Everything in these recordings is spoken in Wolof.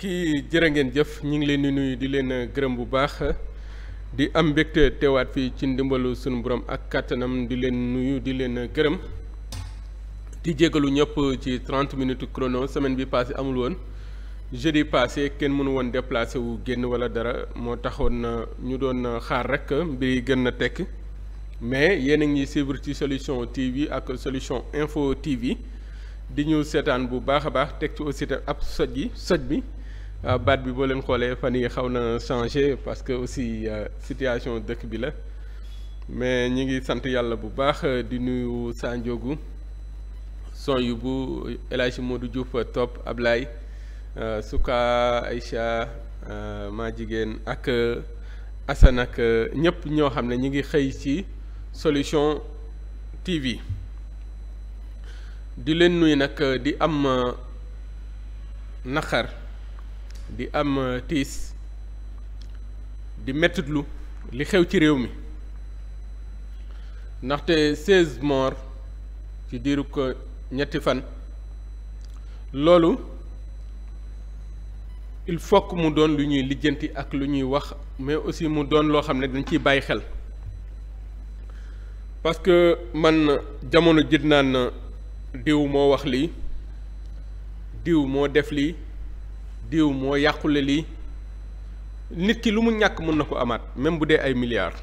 mbokk jër jërë ngeen jëf ñu ngi leen di nuyu di leen gërëm bu baax di am mbégte teewaat fii ci ndimbalu sunu borom ak kàttanam di leen nuyu di leen gërëm di jégalu ñëpp ci 30 minutes chrono semaine bi passé amul woon jeu jeudi passé kenn mënu woon déplacé wu génn wala dara moo taxoon ñu doon xaar rek mbir gën na tekk mais yéen a ngi suivre ci solution TV ak solution info TV. di ñu seetaan bu baax a baax teg ci aussi ab soj yi soj bi Euh, baat bi boo leen xoolee fan yi xaw na changé parce que aussi euh, situation dëkk bi la mais ñi ngi sant yàlla bu baax euh, di nuyu Sanjogu son yu bu El Hadj Modou ab Top Ablaye Souka Aïcha ma jigéen ak Assane ak ñëpp ñoo xam ne ñi ngi xëy ci solution TV di leen nuyu nag di am naqar di am euh, tiis di mettitlu li xew ci réew mi ndaxte seize morts ci diiru ko ñetti fan loolu il faut que mu doon lu ñuy lijjanti ak lu ñuy wax mais aussi mu doon loo xam ne dañ ciy bàyyi xel parce que man jamono jit naan diw moo wax lii diw moo def lii diw moo yàqule lii nit ki lu mu ñàkk mën na ko amaat même bu dee ay milliards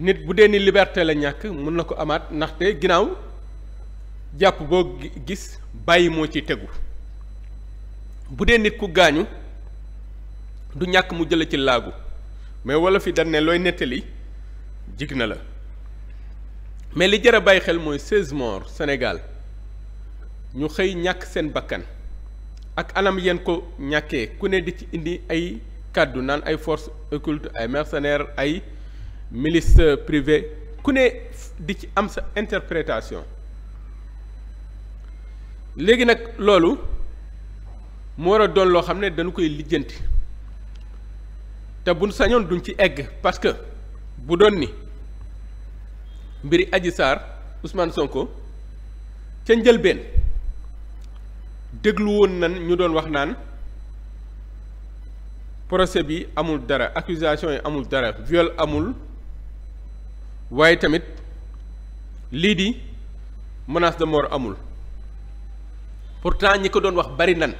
nit bu dee ni liberté la ñàkk mën na ko amaat ndaxte ginnaaw jàpp boo gis bàyyi moo ci tegu bu dee nit ku gaañu du ñàkk mu jële ci laagu mais wala fi dañ looy nettali jig na la mais li jar bàyyi xel mooy seize morts Sénégal ñu xëy ñàkk seen bakkan ak anam yeen ko ñàkkee ku ne di ci indi ay kàddu naan ay force occulte ay mercenaires ay milice privée ku ne di ci am sa interprétation léegi nag loolu mu war a doon loo xam ne dañu koy lijjanti te buñ sañoon duñ ci egg parce que bu doon ni mbiri Adji Sarr Ousmane Sonko ca njëlbeen dégluwoon woon nan ñu doon wax naan procès bi amul dara accusation yi amul dara viol amul waaye tamit lii di menace de mort amul pourtant ñi ko doon wax bari nan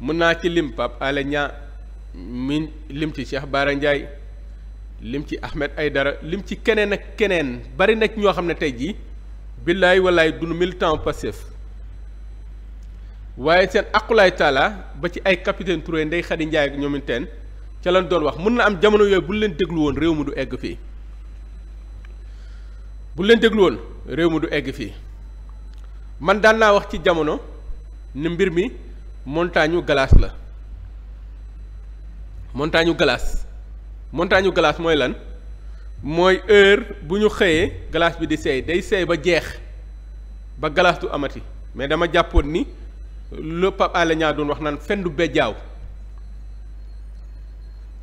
mën naa ci lim Pape Alé Niang mi lim ci Cheikh Bara Ndiaye lim ci Ahmed dara lim ci keneen ak keneen bari nag ñoo xam ne tey jii billaay wallaay dunu militant Pastef waaye seen aqulaay taala ba ci ay capitaine Touré Ndeye Khady Ndiaye ak ca lan doon wax mën na am jamono yooyu bu leen déglu woon réew mi du egg fii bu leen déglu réew mi egg fii man daan naa wax ci jamono ni mbir mi montagne glace la montagne glace montagne glace mooy lan mooy heure bu ñu xëyee glace bi di seey day seey ba jeex ba glace du amati mais dama jàppoon ni le Pape Alé doon wax naan fen du bejjaaw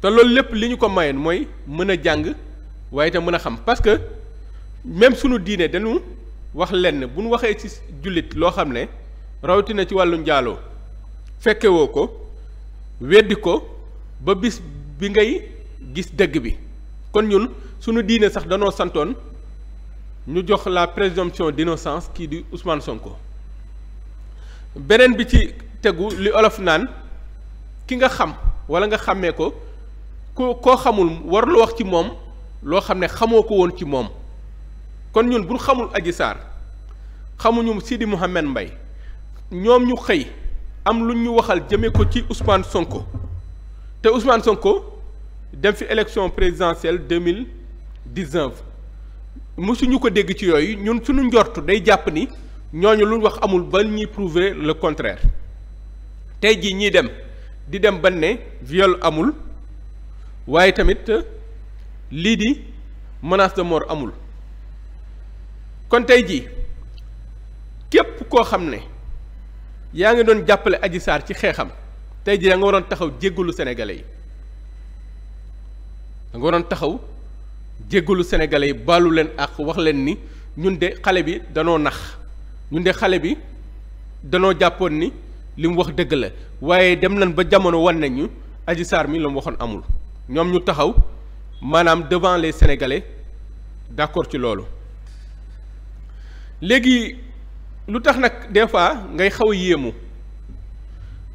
te loolu lépp li ñu ko mayoon mooy mën a jàng waaye te mën a xam parce que même sunu diine dañu wax lenn bu ñu waxee ci jullit loo xam ne rawatina ci wàllu njaaloo fekkewoo ko weddi ko ba bis bi ngay gis dëgg bi kon ñun sunu diine sax danoo santoon ñu jox la présomption d'innocence kii di Ousmane Sonko beneen bi ci tegu li olof naan ki nga xam wala nga xàmmee ko ku koo xamul war lu wax ci moom loo xam ne xamoo ko woon ci moom kon ñun bul xamul Adji Sarr xamuñu Sidi Mouhamed mbay ñoom ñu xëy am lu ñu waxal jëmee ko ci Ousmane Sonko te Ousmane Sonko dem fi élection présidentielle deux mille dix mosuñu ko dégg ci yooyu ñun suñu njort day jàpp ni. ñooñu lu wax amul ba ñuy prouver le contraire tey jii ñiy dem di dem ba ne viol amul waaye tamit euh, lii di menace de mort amul kon tey jii képp koo xam ne yaa ngi doon jàppale Adji Sarr ci xeexam tey ji da nga waroon taxaw jéggalu sénégalais yi da taxaw jéggalu sénégalais yi baalu leen ak wax leen ni ñun de xale bi danoo nax ñun de xale bi danoo jàppoon ni li mu wax dëgg la waaye dem nañ ba jamono wan nañu Adji Sarr mi la mu waxoon amul ñoom ñu taxaw maanaam devant les sénégalais d'accord ci loolu léegi lu tax nag des fois ngay xaw a yéemu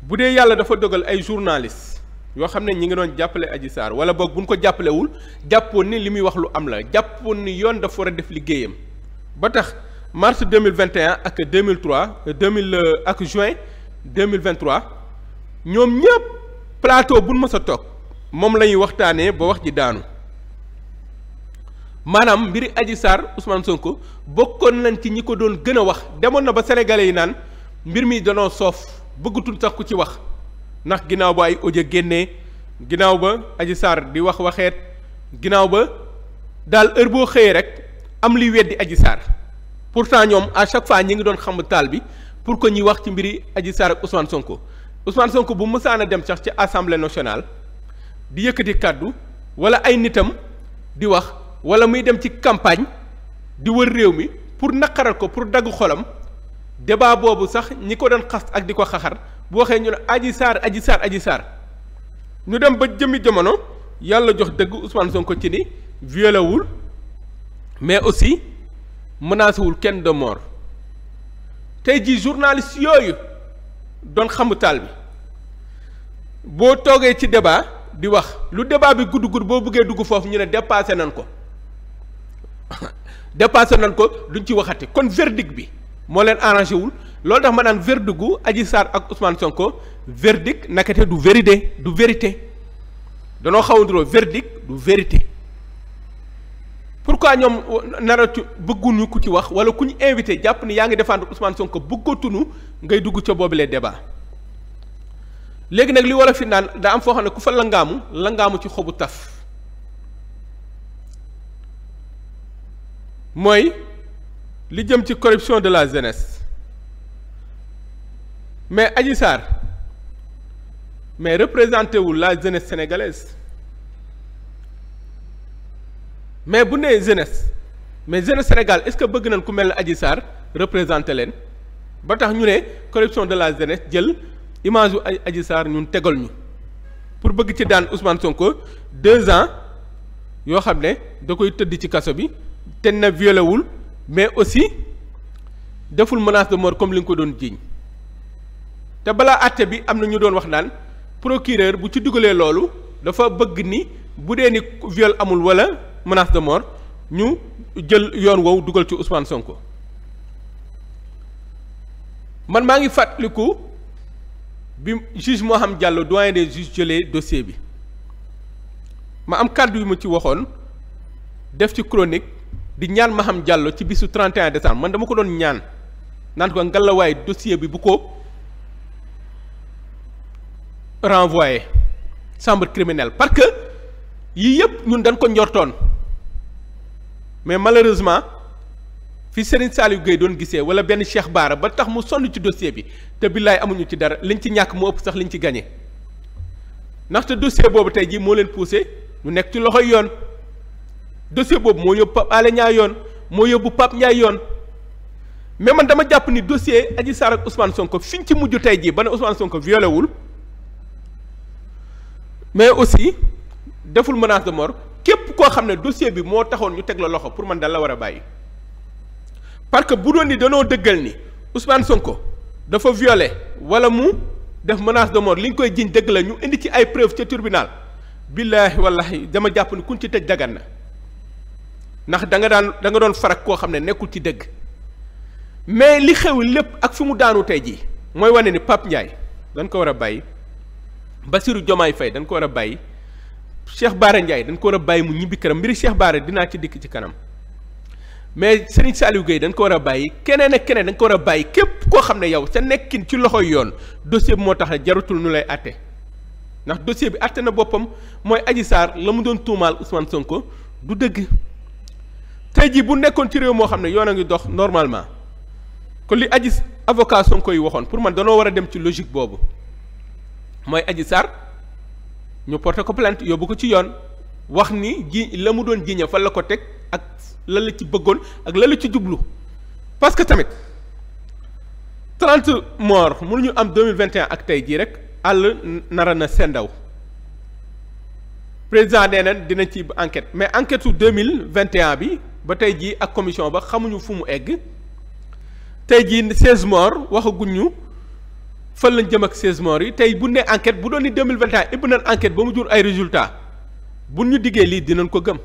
bu dee yàlla dafa dogal ay journalistes yoo xam ne ñi ngi doon jàppale Adji Sarr wala boog buñ ko jàppalewul jàppoon ni li muy wax lu am la jàppoon ni yoon dafa war a def liggéeyam ba tax mars deux mille vingt et ak deux mille trois deux mille euh, ak juin deux mille vingt ñoom ñëpp plateau bu nu mës a toog moom lañuy ñuy waxtaanee ba wax ji daanu maanaam mbir Adji Sarr Ousmane Sonko bokkoon nañ ci ñi ko doon gën a wax demoon na ba sénégalais yi naan mbir mi danoo soof bëggatul sax ku ci wax ndax ginnaaw ba ay audio génnee ginnaaw ba Adji Sarr di wax waxeet ginnaaw ba daal heure boo xëyee rek am liy weddi aji Sarr. pour pourtant ñoom à chaque fois ñi ngi doon xam taal bi pour que ñuy wax ci mbiri Adji Sarr ak Ousmane Sonko Ousmane Sonko bu mësaan a dem sax ci assemblée nationale di yëkkati kàddu wala ay nitam di wax wala muy dem ci campagne di wër réew mi pour naqaral ko pour dagg xolam débat boobu sax ñi ko doon xas ak di ko xaxar bu waxee ñu ne Adji Sarr Adji Sarr Adji Sarr ñu dem ba jëmmi jamono yàlla jox dëgg Ousmane Sonko ci ni violé wul mais aussi. menacé wul kenn de mort tey jii journaliste yooyu doon xamu taal bi boo toogee ci débat di wax lu débat bi gudd gudd boo bëggee dugg foofu ñu ne dépassé nañ ko dépassé nañ ko duñ ci waxati kon verdict bi moo leen arrangé wul loolu tax ma naan verdict gu Adji Sarr ak Ousmane Sonko verdict nakate du vérité du vérité danoo xawanduroo verdict du vérité pour pourquoi ñoom naratu bëgguñu ku ci wax wala ku ñu invité jàpp ni yaa ngi défendre Ousmane Sonko bëggatunu ngay dugg ca boobu les débat léegi nag li wala fi naan daa am foo xam ne ku fa langaamu langaamu ci xobu taf mooy li jëm ci corruption de la jeunesse mais Adji Sarr mais représenté wul la jeunesse sénégalaise mais bu nee jeunesse mais jeunesse Sénégal est-ce que bëgg nañ ku mel ne aji Sarr représenté leen ba tax ñu ne corruption de la jeunesse jël image yu aji Sarr ñun tegal ñu pour bëgg ci daan Ousmane Sonko deux ans yoo xam ne da koy tëdd ci kaso bi te na violé wul mais aussi deful menace de mort comme li nga ko doon jiiñ te balaa àtte bi am na ñu doon wax naan procureur bu ci dugalee loolu dafa bëgg ni bu dee ni viol amul wala. menace de mort ñu jël yoon woowu dugal ci Ousmane Sonko man maa ngi fàttaliku bi juge Maham Diallo doyen des juges jëlee dossier bi ma am kàddu yu ma ci waxoon def ci chronique di ñaan Maham Diallo ci bisu 31 décembre man dama ko doon ñaan naan ko ngalawaay dossier bi bu ko renvoyé chambre criminelle parce que yii yëpp ñun dañ ko njortoon. mais malheureusement fi Serigne Saliou Gueye doon gisee wala benn Cheikh Baara ba tax mu sonn ci dossier bi te billaay amuñu ci dara liñ ci ñàkk mu ëpp sax liñ ci gagné ndaxte dossier boobu tey jii moo leen poussé ñu nekk ci loxoy yoon dossier boobu moo yóbbu Pape Alé Niang yoon moo yóbbu Pape Ndiaye yoon mais man dama jàpp ni dossier Adji Sarr ak Ousmane Sonko fiñ ci mujj tey jii ba ne Ousmane Sonko violé mais aussi deful menace de mort képp koo xam ne dossier bi moo taxoon ñu teg la loxo pour man dal la war a bàyyi parce que bu doon ni danoo dëggal ni son ko dafa violé wala mu def menace de mort li ñu koy jiñ dëgg la ñu indi ci ay preuve ca tribunal billaahi wallahi dama jàpp ni kuñ ci tëj dagan na ndax danga daan danga doon farak koo xam ne nekkul ci dëgg mais li xew lépp ak fi mu daanu tey jii mooy wane ni papp Ndiaye dañ ko war a bàyyi Bassirou Diomaye Faye dañ ko war a bàyyi Cheikh baare Ndiaye dañ ko war a bàyyi mu ñibbi këram mbiri Cheikh Baara dinaa ci dikk ci kanam mais Serigne Saliou Gueye dañ ko war a bàyyi keneen ak keneen dañ ko war a bàyyi képp koo xam ne yow sa nekkin ci loxoy yoon dossier bi moo tax ne jarutul nu lay atte ndax dossier bi atte na boppam mooy aji Sarr la mu doon tuumaal Ousmane Sonko du dëgg tey jii bu nekkoon ci réew moo xam ne yoon a ngi dox normalement kon li aji avocat Sonko yi waxoon pour man danoo war a dem ci logique boobu mooy Adji Sarr ñu porté ko plainte yóbbu ko ci yoon wax ni ji la mu doon jiñe fan la ko teg ak lan la ci bëggoon ak lan la ci jublu parce que tamit trente morts mënuñu am deux mille vingt et ak tey jii rek àll nara na sendaw président nee na dina ci enquête mais enquête su deux mille vingt bi ba tey jii ak commission ba xamuñu fu mu egg tey jii seize morts waxaguñu fan lañ jëm ak 16 yi tey bu ne enquête bu doon ni 2021 ibbi nañ enquête ba mu jur ay résultats bu ñu diggee lii dinañ ko gëm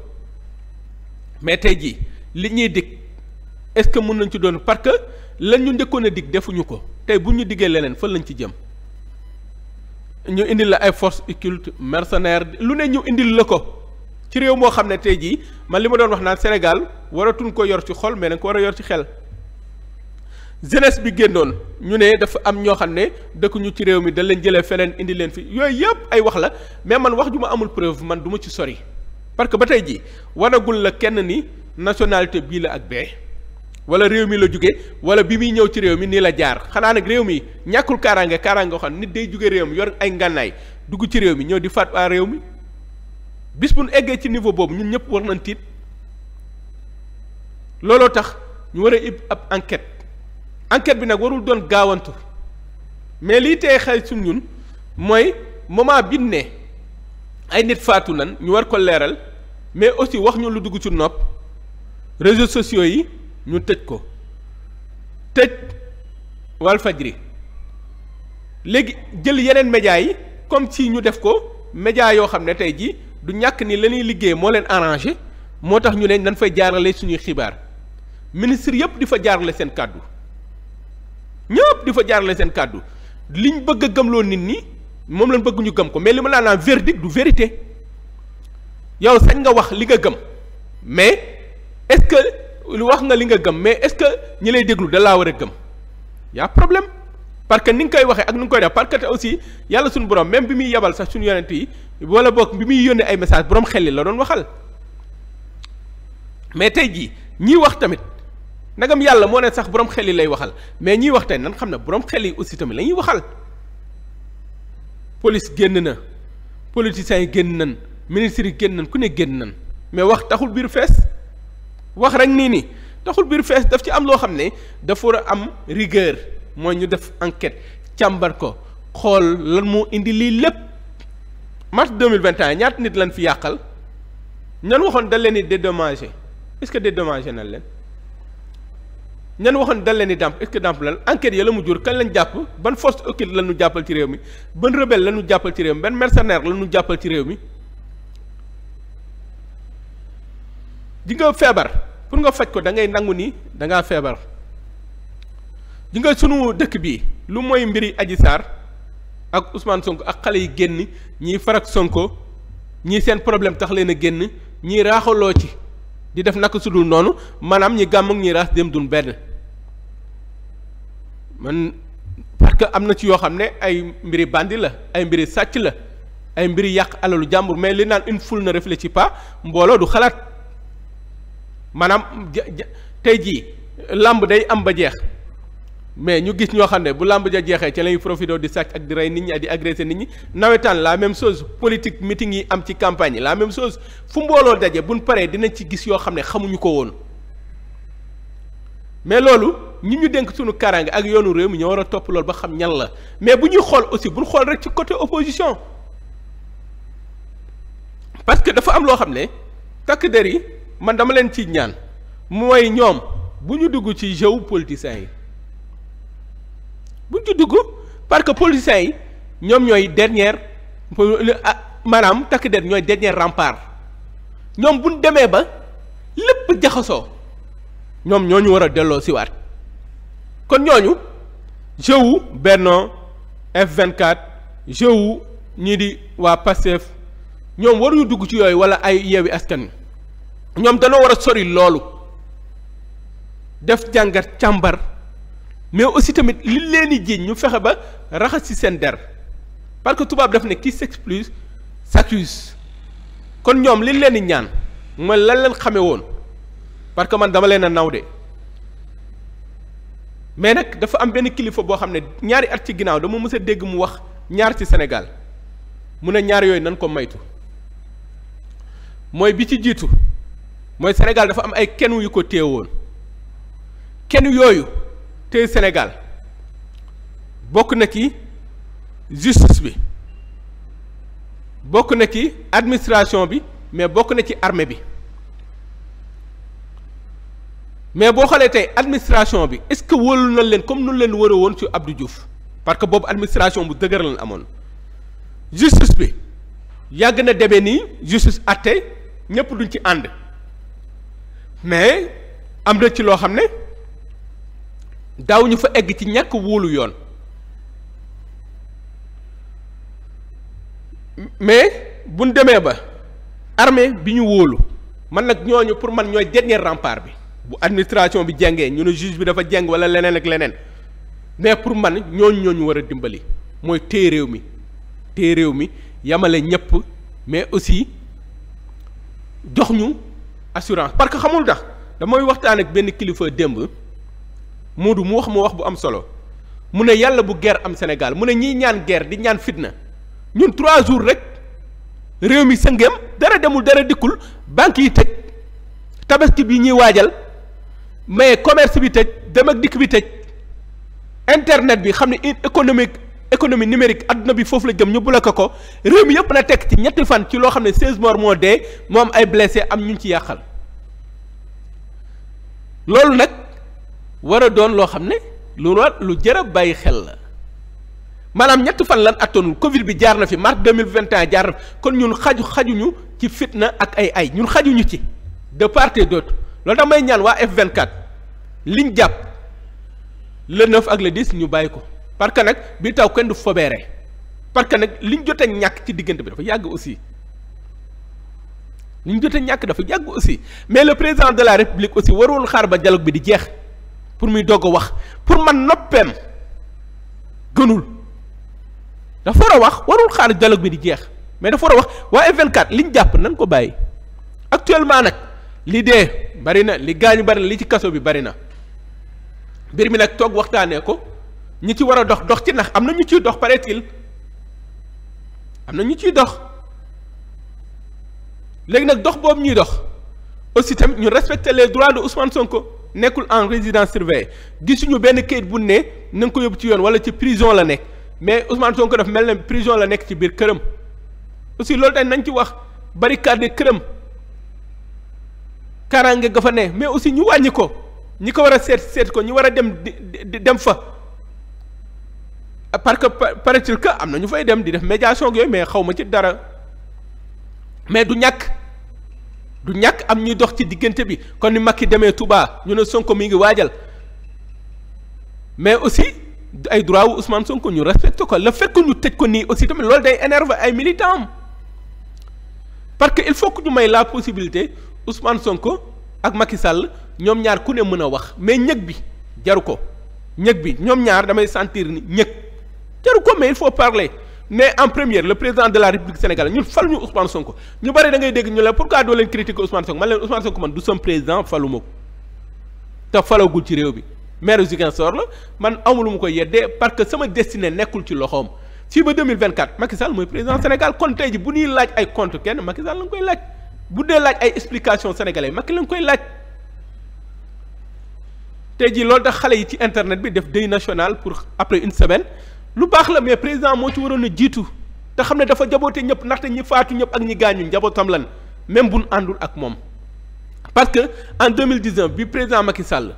mais tey jii li ñuy dig est-ce que mën nañ ci doon parce que lan ñu njëkkoon a dig defuñu ko tey bu ñu diggee leneen fan lañ ci jëm ñu indi la ay forces occultes mercenaires lu ne ñu indil la ko ci réew moo xam ne tey jii man li ma doon wax naan Sénégal waratuñ ko yor ci xol mais dañ ko war a yor ci xel. jeunesse bi génnoon ñu ne dafa am ñoo xam ne dëkkuñu ci réew mi da leen jëlee feneen indi leen fi yooyu yëpp ay wax la mais man wax ju ma amul preuve man du ma ci sori parce que ba tey jii wanagul la kenn ni nationalité bii la ak bee wala réew mi la jóge wala bi muy ñëw ci réew mi nii la jaar xanaa nag réew mi ñàkkul kaaraange kaaraange xam nit day jóge réew mi ay ngànnaay dugg ci réew mi ñëw di faat waa réew mi bis bu eggee ci niveau boobu ñun ñëpp war nañ tiit looloo tax ñu war a ab enquête enquête bi nag warul doon gaawantu mais lii tey xel sum ñun mooy moment bi ne ay nit faatu nan ñu war ko leeral mais aussi wax ñu lu dugg ci nopp réseau sociaux yi ñu tëj ko tëj Walfadjri léegi jël yeneen médias yi comme si ñu def ko médias yoo xam ne tey jii du ñàkk ni la liggéey moo leen arrangé moo tax ñu ne nañ fay jaarale suñuy xibaar ministre yëpp di fa jaarale seen kàddu ñëpp di fa jaarale seen kàddu liñ bëgg a gëmloo nit ñi moom lañ bëgguñu gëm ko mais li ma laa naan verdict du vérité yow sañ nga wax li nga gëm mais est-ce que lu wax nga li nga gëm mais est-ce que ñi lay déglu da laa war a gëm y'a problème parce que ni nga koy waxee ak ni nga koy def parce que aussi yàlla suñu borom même bi muy yebal sax suñu yonent yi wala bokk bi muy yónnee ay message borom xel li la doon waxal mais tey jii ñiy wax tamit nagam yàlla moo ne sax borom xel yi lay waxal mais ñiy wax nan xam na borom xel yi aussi tamit la ñuy waxal police génn na politiciens yi génn nan ministre yi génn nan ku ne génn nan mais wax taxul biir fees wax rek nii nii taxul biir fees daf ci am loo xam ne dafa war a am rigueur mooy ñu def enquête càmbar ko xool lan mu indi lii lépp mars deux mille vingt et un ñaata nit lan fi yàqal ñan waxoon dal leen di dédommagé est-ce que dédommagé na leen. ñan waxoon dal leen di dàmp est-ce que dàmp lan enquête ya la mu jur kan lañ jàpp ban force occulte la ñu jàppal ci réew mi ban rebelle la ñu jàppal ci réew mi ban mercenaire la ñu jàppal nga feebar pour nga faj ko da ngay nangu ni da feebar di nga sunu dëkk bi lu mooy mbiri Adji Sarr ak Ousmane Sonko ak xale yi génn ñiy farak Sonko ñi seen problème tax leen a génn ñii raaxaloo ci di def naka sudul noonu maanaam ñi gàmm ak ñi dem dun benn man parce que am na ci yoo xam ne ay mbiri bandi la ay mbiri sàcc la ay mbiri yàq alalu jàmbur mais li naan une foule ne réfléchit pas mbooloo du xalaat maanaam tey jii làmb day am ba jeex mais ñu gis ñoo xam ne bu làmb ja jeexee ci lañuy profité di sàcc ak di rey nit ñi ak di agressé nit ñi nawetaan la même chose politique meeting yi am ci campagne yi la même chose fu mbooloo daje buñ paree dina ci gis yoo xam ne xamuñu ko woon mais loolu ñi ñu dénk suñu kaaraange ak yoonu réew mi ñoo war a topp loolu ba xam ñan la mais bu ñuy xool aussi buñ xool rek ci côté opposition parce que dafa am loo xam ne takk der yi man dama leen ci ñaan mooy ñoom bu ñu dugg ci jeu politicien yi buñ ci dugg parce que policiers yi ñoom ñooy dernière ah, maanaam takk der ñooy dernier rempart ñoom buñ demee ba lépp jaxasoo ñoom ñoo ñu war a delloo siwaat kon ñooñu jeu wu Benno F24 jeu wu ñii di waa Pastef ñoom waruñu dugg ci yooyu wala ay yeewi askan ñoom danoo war a sori loolu def jàngat càmbar mais aussi tamit li leen di jiiñ ñu fexe ba raxas ci seen der parce que tubaab daf ne qui s'excuse s'accuse kon ñoom li leen di ñaan mooy lan leen xamee woon parce que man dama leen a naw de mais nag dafa am benn kilifa boo xam ne ñaari at ci ginnaaw dama mës dégg mu wax ñaar ci Sénégal mu ne ñaar yooyu nan ko maytu mooy bi ci jiitu mooy Sénégal dafa am ay kenn yu ko téye woon kenn yooyu. tey Sénégal bokk na ci justice bi bokk na ci administration bi mais bokk na ci armee bi mais boo xoolee tey administration bi est-ce que wóolu na leen comme nu leen wëree woon ci Abdou Diouf parce que boobu administration bu dëgër lañ amoon justice bi yàgg na deme nii justice atte ñëpp duñ ci ànd mais am na ci loo xam ne. daaw ñu fa egg ci ñàkk wóolu yoon mais buñ demee ba armée bi ñu wóolu man nag ñooñu pour man ñooy dernier rempart bi bu administration bi jàngee ñu ne juge bi dafa jàng wala leneen ak leneen mais pour man ñooñu ñooñu war a dimbali mooy téye réew mi téye réew mi yamale ñëpp mais aussi jox ñu assurance parce que xamul tax damay waxtaan ak benn kilifa démb Moodu mu wax mu wax bu am solo mu ne yàlla bu guerre am Sénégal mu ne ñiy ñaan guerre di ñaan fitna ñun trois jours rek réew mi sëngeem dara demul dara dikkul banques yi tëj tabaski bi ñuy waajal mais commerce bi tëj dem ak dikk bi tëj internet bi xam ne économique économie numérique àdduna bi foofu la jëm bu bloqué ko réew mi yëpp na teg ci ñetti fan ci loo xam ne 16 moo dee moo am ay blessé am ñu ci yàqal loolu nag. war a doon loo xam ne lu lu jar a bàyyi xel la maanaam ñett fan lan attoonul Covid bi jaar na fi mars mille vingt et un jaar na kon ñun xaju xajuñu ci fitna ak ay ay ñun xajuñu ci de part loolu tax may ñaan waa F24 liñ jàpp le 9 ak le 10 ñu bàyyi ko parce que nag bi taw kenn du fobeere parce que nag liñ jot a ñàkk ci diggante bi dafa yàgg aussi liñ jot a ñàkk dafa yàgg aussi mais le président de la république aussi warul xaar ba dialogue bi di jeex. pour muy dogg wax pour man noppeem gënul dafa war a wax warul xaar dialogue bi di jeex mais dafa war a wax waa F24 liñ jàpp nañ ko bàyyi actuellement nag li dee bari na li gaañu bari li ci kaso bi bari na mbir mi nag toog waxtaanee ko ñi ci war a dox dox ci ndax am na ñu ciy dox paraît-il am na ñu ciy dox léegi nag dox boobu ñuy dox aussi tamit ñu respecter les droits de Ousmane Sonko. nekkul en résidence surveillée gisuñu benn kayit bu ne na ko yóbbu ci yoon wala ci prison la ne mais Ousmane ko def mel ne prison la nekk ci biir këram aussi loolu tamit nañ ci wax barricade këram kaaraange ga fa ne mais aussi ñu wàññi ko ñi ko war a seet seet ko ñi war a dem di dem fa parce que paraît-il que am na ñu fay dem di def médiation ak mais xaw ma ci dara mais du ñàkk. du ñàkk am ñuy dox ci diggante bi kon ni Macky demee Touba ñu ne Sonko mi ngi waajal mais aussi ay droit wu Sonko ñu respecté ko la fait ñu tëj ko nii aussi tamit lool day énerve ay militants parce que il faut que ñu may la possibilité Ousmane Sonko ak Macky sàll ñoom ñaar ku ne mën a wax mais ñëg bi jaru ko ñëg bi ñoom ñaar damay sentir ni ñëg jaru ko mais il faut parler. mais en première la président de la république sénégalaise ñun fal ñu Ousmane Sonko ñu bëri da dégg ñu la pourquoi doo leen critiquer Ousmane Sonko man leen Ousmane Sonko man du sam président faluma ko te falagul ci réew bi maire Ziguinchor la man amul mu ko yeddee parce que sama destinée nekkul ci loxoom fii ba 2024 Macky Sall mooy président Sénégal kon tey ji bu ñuy laaj ay compte kenn Macky Sall la nga koy laaj bu dee laaj ay explication sénégalais Macky la nga koy laaj tey loolu tax xale yi ci internet bi def deuil national pour après une semaine lu baax la mais président moo ci waroon a jiitu te xam ne dafa jaboote ñëpp ndaxte ñi faatu ñëpp ak ñi gaañu njabootam lan même buñ àndul ak moom parce que en 2019 bi président Macky Sall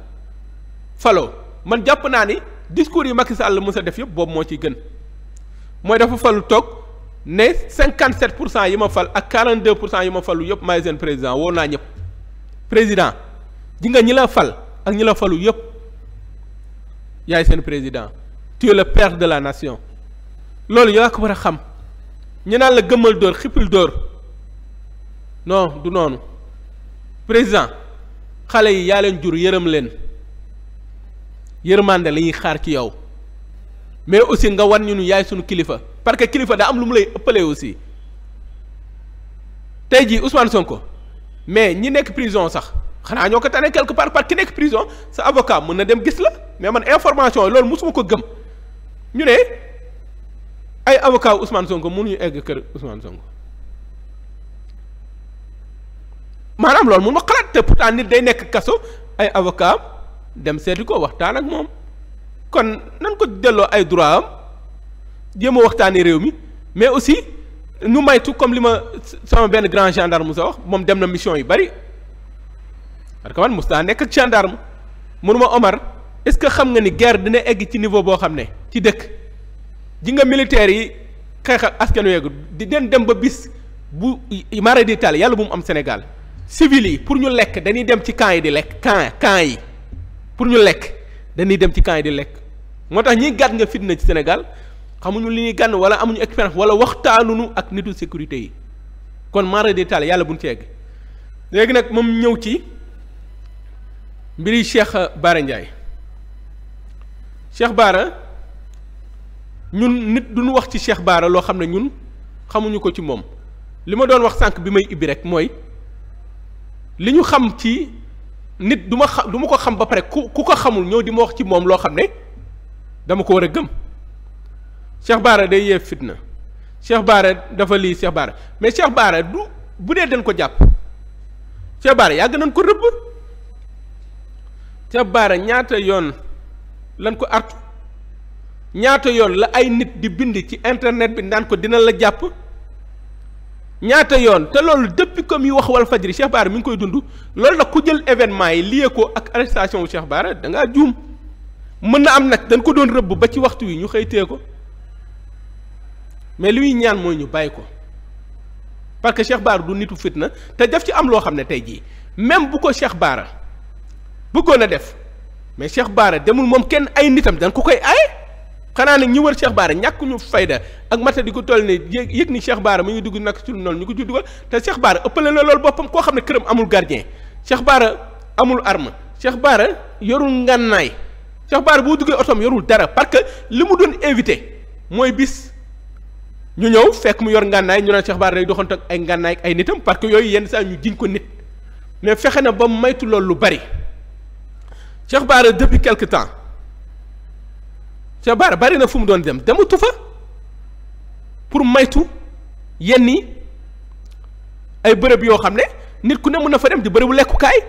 falo man jàpp naa ni discours yi Macky Sall mës a def yëpp boobu moo ci gën mooy dafa falu toog ne 57 pour cent yi ma fal ak 42 pour cent yi ma falu yëpp maay seen président woo naa ñëpp président ji nga ñi la fal ak ñi la falu yëpp yaay seen président tu es le père de la nation loolu yaa ko war a xam ñu naan la gëmmal dóor xippil dóor non du noonu président xale yi yaa leen jur yërëm leen yërmande la ñuy xaar ci yow mais aussi nga wan ñu nu yaay suñu kilifa parce que kilifa da am lu mu lay ëppalee aussi tey jii Ousmane Sonko mais ñi nekk prison sax xanaa ñoo ko tane quelque part par ki nekk prison sa avocat mën na dem gis la mais man information loolu mosuma ko gëm. ñu ne ay avocat Ousmane Sonko mënuñu egg kër Ousmane Sonko maanaam loolu mun ma xalaat te pourtant nit day nekk kaso ay avocat dem seeti ko waxtaan ak moom kon nan ko delloo ay droit am jéem a waxtaanee réew mi mais aussi nu maytu comme li ma sama benn grand gendarme musa wax moom dem na mission yu bari parce que man mos naa nekk ak gendarme mënuma Omar. est-ce que xam nga ni guerre danay egg ci niveau boo xam ne ci dëkk ji nga militaires yi xeex ak askanu yeegu di den dem ba bis bu mara di taal yàlla bu mu am Sénégal civil yi pour ñu lekk dañuy dem ci camp yi di lekk camp camp yi pour ñu lekk dañuy dem ci kaa yi di lekk moo tax ñiy gàtt nga fitna ci Sénégal xamuñu li ñuy gànn wala amuñu expérience wala waxtaanuñu ak nitu sécurité yi kon mara di taal yàlla buñ ci egg léegi nag moom ñëw ci mbiri Cheikh Bara Ndiaye Cheikh Baara ñun nit duñu wax ci Cheikh Baara loo xam ne ñun xamuñu ko ci moom li ma doon wax sànq bi may ibbi rek mooy li ñu xam ci nit du ma xam du ma ko xam ba pare ku ku ko xamul ñëw di ma wax ci moom loo xam ne dama ko war a gëm Cheikh Baara day yee fitna Cheikh Baara dafa lii Cheikh Baara mais Cheikh Baara du bu dee dañ ko jàpp Cheikh Baara yàgg nañ ko rëbb Cheikh Baara ñaata yoon lan ko artu ñaata yoon la ay nit di bind ci internet bi naan ko dina la jàpp ñaata yoon te loolu depuis comme yi wax wal fajri Cheikh Bara mi ngi koy dund loolu nag ku jël événement yi lié ko ak arrestation wu Cheikh Bara da ngaa juum mën na am nag dañ ko doon rëbb ba ci waxtu wi ñu xëytee ko mais li ñuy ñaan mooy ñu bàyyi ko parce que Cheikh Bara du nitu fitna te daf ci am loo xam ne tey jii même bu ko Cheikh Bara bëggoon a def. mais Cheikh Bara demul moom kenn ay nitam dañ ko koy ay xanaa nag ñi wër Cheikh Bara ñàkkuñu fayda ak mata di ko toll ni yëg yëg ni Cheikh Bara mu ngi dugg nag suñu noonu ñu ko ci dugal te Cheikh Bara ëppale na loolu boppam koo xam ne këram amul gardien Cheikh Bara amul arme Cheikh Bara yorul ngànnaay Cheikh Bara boo duggee otoom yorul dara parce que li mu doon invité mooy bis ñu ñëw fekk mu yor ngànnaay ñu naan Cheikh Bara day doxantu ak ay ngànnaay ak ay nitam que yooyu yenn ñu jiñ ko nit mais fexe na ba maytu loolu lu bari. Cheikh Bara depuis quelque temps Cheikh Bara bari na fu mu doon dem dematu fa pour maytu yenni ay bërëb yoo xam ne nit ku ne mën na fa dem di bërëbu lekkukaay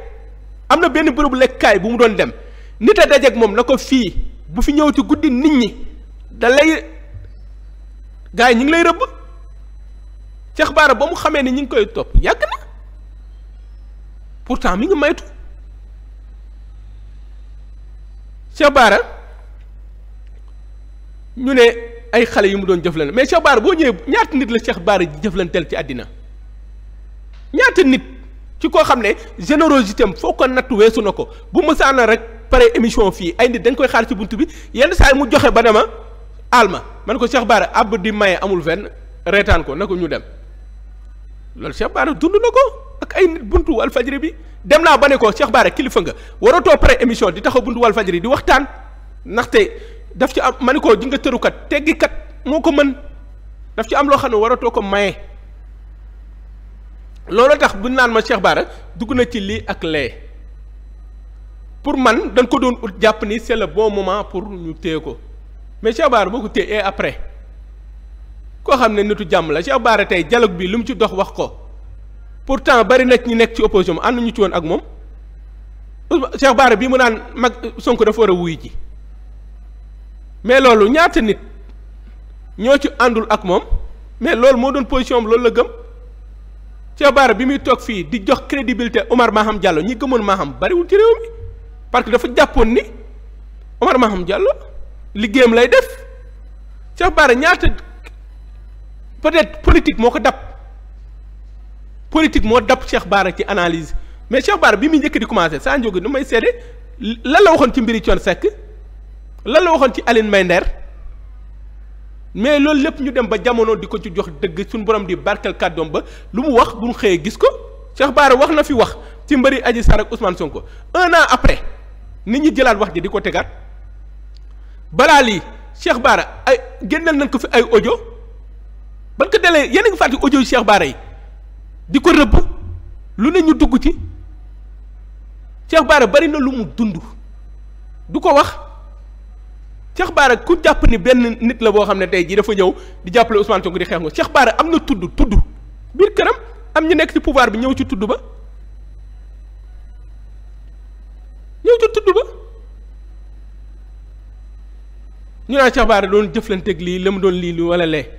am na benn bërëbu lekkukaay bu mu doon dem nit a dajeeg moom na ko fii bu fi ñëw ci guddi nit ñi da lay gars yi ñu ngi lay rëbb Cheikh Bara ba mu xamee ni ñu ngi koy topp yàgg na pourtant mi ngi maytu. Cheikh Bara ñu ne ay xale yu mu doon jëflante mais Cheikh baara boo ñëwee ñaata nit la Cheikh Bara jëflanteel ci àddina ñaata nit ci koo xam ne générosité am foo ko natt weesu na ko bu mësaana rek pare émission fii ay nit dañ koy xaar ci bunt bi yenn saa yi mu joxe ba ne ma aal ma man ko Cheikh Bara àbb di maye amul wenn reetaan ko na ko ñu dem loolu Cheikh Bara dund na ko ak ay nit buntu Walfadjri bi dem naa ba ne ko Cheikh Bara kilifa nga waratoo pare émission di taxaw buntu Walfadjri di waxtaan ndaxte daf ci am ma ne ko ji nga tërukat teggikat moo ko mën daf ci am loo xam ne waratoo ko maye. loolu tax bu naan ma Cheikh Bara dugg na ci lii ak lee pour man dañ ko doon ut jàpp ni c'est le moment pour ñu téye ko mais Cheikh Bara boo ko téye après koo xam ne nitu jàmm la Cheikh tey dialogue bi li mu ci dox wax ko. pourtant bari na ñi nekk ci opposition am ñu ci woon ak moom Cheikh Bara bi mu naan mag Sonko dafa war a wuy ji mais loolu ñaata nit ñoo ci àndul ak moom mais loolu moo doon position am loolu la gëm Cheikh Bara bi muy toog fii di jox crédibilité Omar maaxam Diallo ñi gëmoon maaxam bariwul ci réew mi parce que dafa jàppoon ni Omar Maham Diallo liggéeyam lay def Cheikh Bara ñaata peut-être politique moo ko dab. politique moo dab Cheikh baara ci analyse mais Cheikh Bara bi muy njëkk di commencé saa njóogu nu may seede lan la waxoon ci mbiri Thione Seck lan la waxoon ci alin May Nder mais loolu lépp ñu dem ba jamono di ko ci jox dëgg suñu borom di barkeel kàddoom ba lu mu wax bu ñu xëyee gis ko Cheikh baara wax na fi wax ci mbëri Adji Sarr ak son ko un an après nit ñi jëlaat wax ji di ko tegaat balaa lii Cheikh Bara ay génneel nañ ko fi ay audio ban ko delee yéen a ngi fàttali audio yi. di ko rëbb lu ne ñu dugg ci Cheikh Bara bari na lu mu dund du ko wax Cheikh Bara ku jàpp ni benn nit la boo xam ne tey jii dafa ñëw di jàppale Ousmane Sonko di xeex nga Cheikh Bara am na tudd tudd biir këram am ñu nekk ci pouvoir bi ñëw ci tudd ba ñëw ci tudd ba ñu naan Cheikh Bara doon jëflanteeg lii la mu doon lii lu wala lee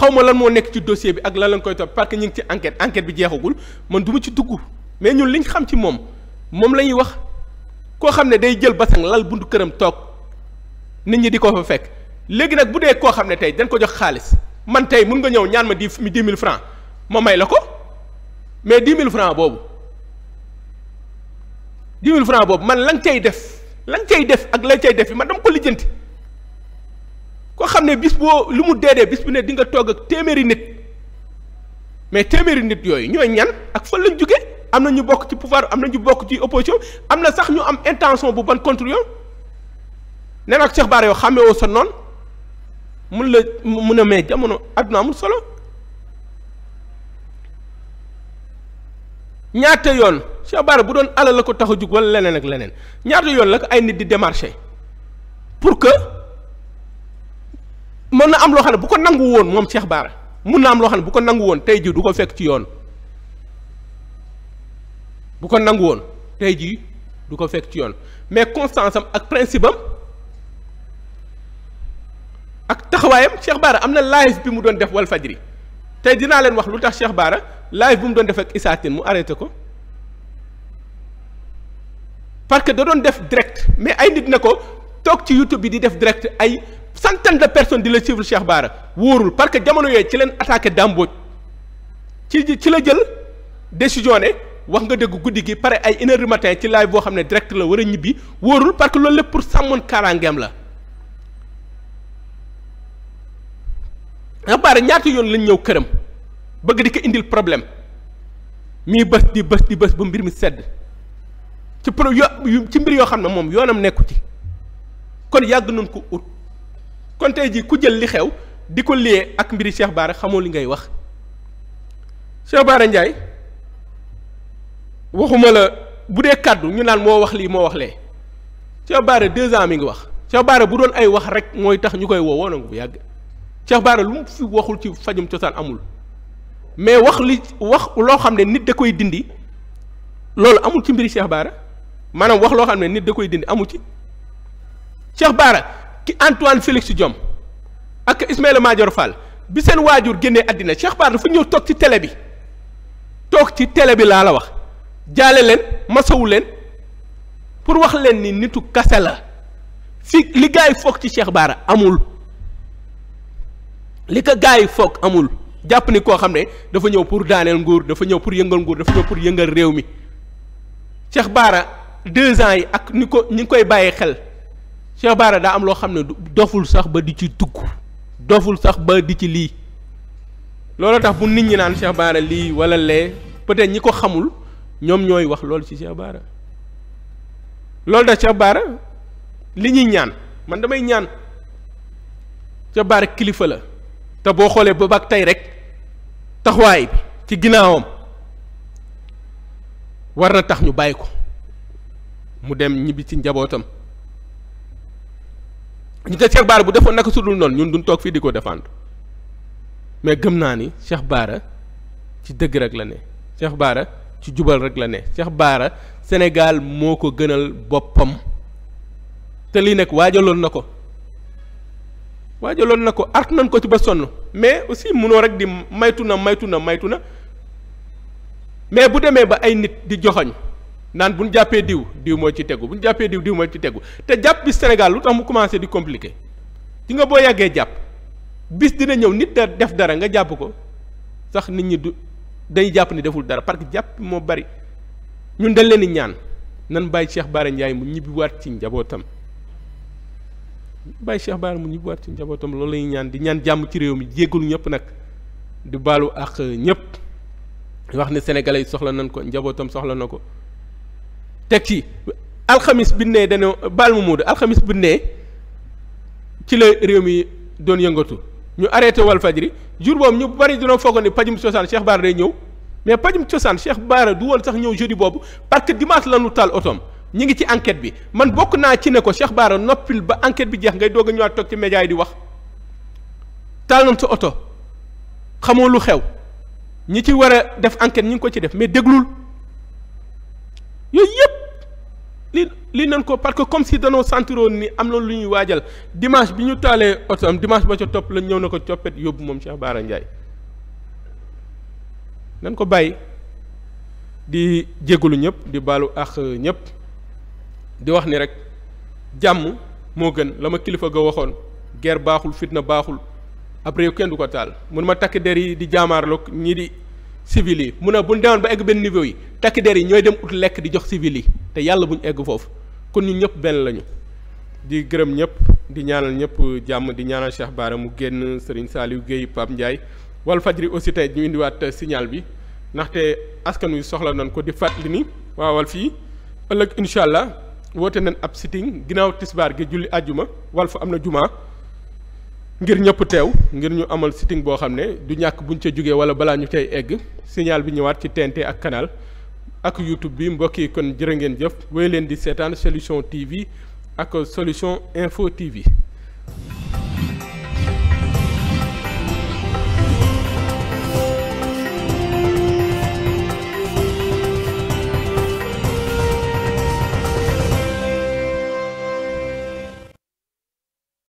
xaw ma lan moo nekk ci dossier bi ak lan lañ koy topp parce que ñu ngi ci enquête enquête bi jeexagul man du ma ci dugg mais ñun liñ xam ci moom moom la ñuy wax koo xam ne day jël basang lal buntu këram toog nit ñi di ko fa fekk léegi nag bu dee koo xam ne tey dañ ko jox xaalis man tey mun nga ñëw ñaan ma di dix mille francs ma may la ko mais di mille francs boobu di mille francs boobu man lañ cay def la nga cay def ak la cay def bi man dama ko lijjanti. koo xam ne bis boo lu mu deedee bis bu ne di nga toog ak téeméeri nit mais téeméeri nit yooyu ñooy ñan ak fan lañ jóge am na ñu bokk ci pouvoir am na ñu bokk ci opposition am na sax ñu am intention bu ban contre yow nee na ak Cheikh Bara yow xàmmewoo sa noon mun la mun a may jamono àdduna amul solo ñaata yoon Cheikh Bara bu doon alal la ko tax a jug wala leneen ak leneen ñaata yoon la ko ay nit di démarché pour que. mën na am loo xam ne bu ko nangu woon moom Cheikh Bara mun na am loo xam ne bu ko nangu woon tey jii du ko fekk ci yoon bu ko nangu woon tey jii du ko fekk ci yoon mais constance am ak principe am ak taxawaayam Cheikh Bara am na live bi mu doon def Walfadjri tey dinaa leen wax lu tax Cheikh baara live bi mu doon def ak Issa mu arrêté ko parce que da doon def direct mais ay nit ne ko toog ci YouTube bi di def direct ay centaine de personne di la suivre Cheikh Bara wóorul parce que jamono yooyu ci leen attaqué dàmbooj ci ci la jël décision wax nga dëgg guddi gi pare ay une ci laay boo xam ne direct la war a ñibbi wóorul parce que loolu lépp pour sàmmoon kaaraangeem la Cheikh Bara ñaata yoon lañ ñëw këram bëgg di ko indil problème mii bës di bës di bës ba mbir mi sedd ci pro yo ci mbir yoo xam ne moom yoonam nekku ci kon yàgg nañ ko ut kon tey jii ku jël li xew di ko lié ak mbiri Cheikh Bara xamoo li ngay wax Cheikh Bara Ndiaye waxuma la bu dee kàddu ñu naan moo wax lii moo wax lee Cheikh Bara deux mi ngi wax Cheikh Bara bu doon ay wax rek mooy tax ñu koy woo woon bu yàgg Cheikh Bara lu mu fi waxul ci fajum cosaan amul mais wax li wax loo xam ne nit da koy dindi loolu amul ci mbiri Cheikh Bara maanaam wax loo xam ne nit da koy dindi amu ci Cheikh Bara ki Antoine Félix Diome ak Ismaïla Madior fal bi seen waajur génnee àddina Cheikh Bara dafa ñëw toog ci télé bi toog ci tele bi laa la wax jaale leen masawu leen pour wax leen ni nitu kase la fi li gars yi foog ci Cheikh baara amul li ko gars yi foog amul jàpp ni koo xam ne dafa ñëw pour daaneel nguur dafa ñëw pour yëngal nguur dafa ñëw pour yëngal réew mi Cheikh Bara deux yi ak ni ko ñi ngi koy bàyyi xel Cheikh baara daa am loo xam ne dooful sax ba di ci tugg dooful sax ba di ci lii loolu tax bu nit ñi naan Cheikh Bara lii wala lee peut-être ñi ko xamul ñoom ñooy wax loolu ci Cheikh Bara loolu da Cheikh baara li ñuy ñaan man damay ñaan Cheikh Bara kilifa la te boo xoolee ba bak tey rek taxawaay bi ci ginnaawam war na tax ñu bàyyi ko mu dem ñibbi ci njabootam ñu te Cheikh Bara bu defoon naka sudul noonu ñun duñ toog fii di ko défendre mais gëm naa ni Cheikh baara ci dëgg rek la ne Cheikh baara ci jubal rek la ne Cheikh baara Sénégal moo ko gënal boppam te li nekk waajaloon na ko waajaloon na ko art nañ ko ci ba sonn mais aussi munoo rek di maytu na maytu na maytu na mais bu demee ba ay nit di joxoñ naan bu ñu jàppee diw diw moo ci tegu bu ñu jàppee diw diw moo ci tegu te jàpp bi Sénégal lu tax mu commencé di compliqué ci nga boo yàggee jàpp bis dina ñëw nit da def dara nga jàpp ko sax nit ñi du dañuy jàpp ni deful dara parce que jàpp moo bari ñun dañ leen di ñaan nan bàyyi Cheikh Bara njaay mu ñibbiwaat ci njabootam bàyyi Cheikh Bara mu waat ci njabootam loolu la ñuy ñaan di ñaan jàmm ci réew mi jéggalu ñëpp nag di baalu ak ñëpp wax ne sénégalais soxla nañ ko njabootam soxla na ko. teg ci alxamis bi ne dañoo baal mu muudu alxamis bi ne ci la réew mi doon yëngatu ñu arrêté wal fajri jour boom ñu bari dina foog ni pajum cosaan Cheikh Baara day ñëw mais pajum cosaan Cheikh Baara du woon sax ñëw jeudi boobu parce que dimanche la ñu taal otoom ñu ngi ci enquête bi man bokk naa ci ne ko Cheikh Baara noppil ba enquête bi jeex ngay doog a ñëwaat toog ci média di wax taal sa oto xamoo lu xew ñi ci war a def enquête ñu ngi ko ci def mais déglul. yooyu yëpp li li nañ ko parce que comme si danoo sentiroon ni am na lu ñuy waajal dimanche bi ñu taalee oto am dimanche ba ca topp lañ ñëw na ko coppet yóbbu moom Cheikh Bara Ndiaye nañ ko bàyyi di jégalu ñëpp di balu ak ñëpp di wax ni rek jàmm moo gën la ma kilifa ga waxoon guerre baaxul fitna baaxul ab réew kenn du ko taal mun ma takk der yi di jaamaarloog ñii di civil yi mu na bu ñu demoon ba egg benn niveau yi takk der yi ñooy dem ut lekk di jox civil yi te yàlla bu ñu egg foofu kon ñun ñëpp benn lañu di gërëm ñëpp di ñaanal ñëpp jàmm di ñaanal Cheikh Bara mu génn Serigne Saliou Guèye Pape Ndiaye Walf Fadjri aussi tey ñu indiwaat signal bi ndaxte askan wi soxla nañ ko di fàttali ni waawal fii ëllëg incha allah woote nañ ab sitting ginnaaw tisbaar gi julli wal Walf am na jumaa ngir ñëpp teew ngir ñu amal sitting boo xam ne du ñàkk buñ ca jógee wala balaa ñu tey egg signal bi ñëwaat ci TNT ak canal ak YouTube bi mbokk yi kon jërë ngeen jëf wéy leen di seetaan solution TV ak solution info TV.